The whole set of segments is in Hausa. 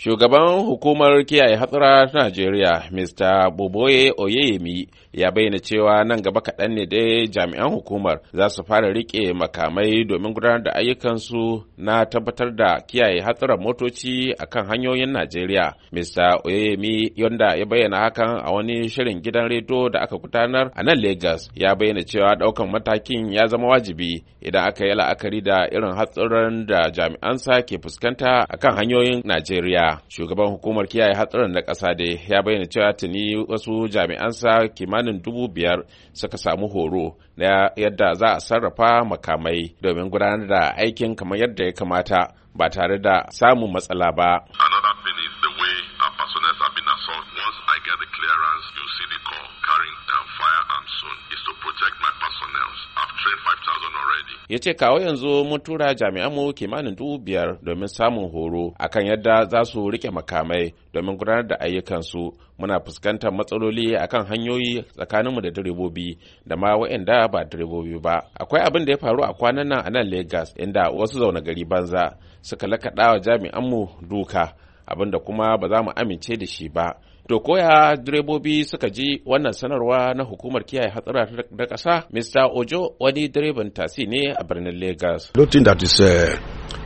Shugaban hukumar kiyaye hatsura ta Najeriya, Mr. Boboye Oyeyemi, ya bayyana cewa nan gaba kaɗan ne dai jami'an hukumar za su fara riƙe makamai domin gudanar da ayyukansu na tabbatar da kiyaye hatsuran motoci a kan hanyoyin Najeriya. Mr. Oyeyemi, yanda ya bayyana hakan a wani shirin gidan rediyo da aka gudanar a nan Legas, ya bayyana cewa ɗaukan matakin ya zama wajibi idan aka yi la'akari da irin hatsuran da jami'ansa ke fuskanta a kan hanyoyin Najeriya. shugaban hukumar kiyaye hatsarin na ƙasa dai ya bayyana cewa tuni wasu jami'ansa kimanin dubu biyar suka samu horo na yadda za a sarrafa makamai domin gudanar da aikin kamar yadda ya kamata ba tare da samun matsala ba. ya ce kawo yanzu mun tura jami'anmu kimanin dubu biyar domin samun horo akan yadda za su rike makamai domin gudanar da ayyukansu muna fuskantar matsaloli akan hanyoyi tsakaninmu da direbobi da ma waɗanda ba direbobi ba akwai abin da ya faru a kwanan nan a nan Legas inda wasu zaune gari banza suka lakaɗa wa jami'anmu duka abinda kuma ba za mu amince da shi ba To koya direbobi suka ji wannan sanarwa na hukumar kiyaye hatsara da ƙasa, Mr. Ojo wani direban tasi ne a birnin Lagos. Nothing that is uh,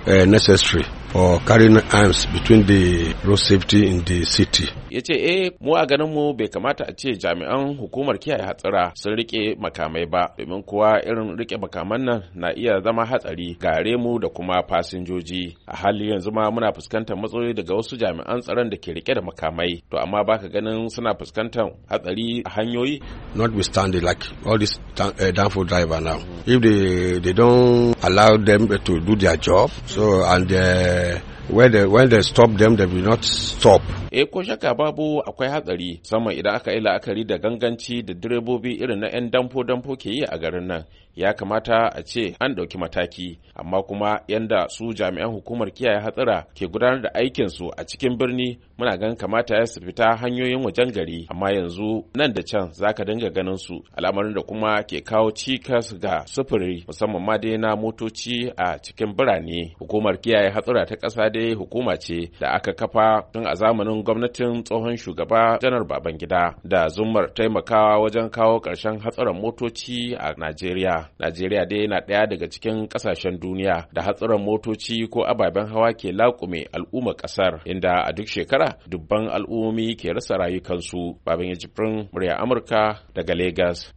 uh, necessary for carrying arms between the road safety in the city. ya ce eh mu a ganin mu bai kamata a ce jami'an hukumar kiyaye hatsara, sun rike makamai ba domin kuwa irin rike makaman nan na iya zama hatsari gare mu da kuma fasinjoji a hali yanzu ma muna fuskantar matsaloli daga wasu jami'an tsaron da ke rike da makamai to amma baka ganin suna fuskantar hatsari a hanyoyi notwithstanding like all this uh, eh, downfall driver now if they they don't allow them to do their job so and uh, when they, when they stop them they will not stop E, ko shakka babu akwai hatsari sama idan aka yi la'akari da ganganci da direbobi irin na 'yan damfo damfo ke yi a garin nan ya kamata a ce an ɗauki mataki amma kuma yanda su jami'an hukumar kiyaye hatsara ke gudanar da aikinsu a cikin birni muna ganin kamata ya su fita hanyoyin wajen gari amma yanzu nan da can zaka dinga ganin su al'amarin da kuma ke kawo cikas ga sufuri musamman ma dai na motoci a cikin birane hukumar kiyaye hatsara ta ƙasa dai hukuma ce da aka kafa tun a zamanin gwamnatin tsohon shugaba janar Babangida da zumar taimakawa wajen kawo ƙarshen hatsarin motoci a Najeriya. Najeriya dai na ɗaya daga cikin ƙasashen duniya da hatsarin motoci ko ababen hawa ke laƙume al'ummar ƙasar inda a duk shekara dubban al'ummomi ke rasa rayukansu. Babangida Jibrin murya Amurka daga Legas.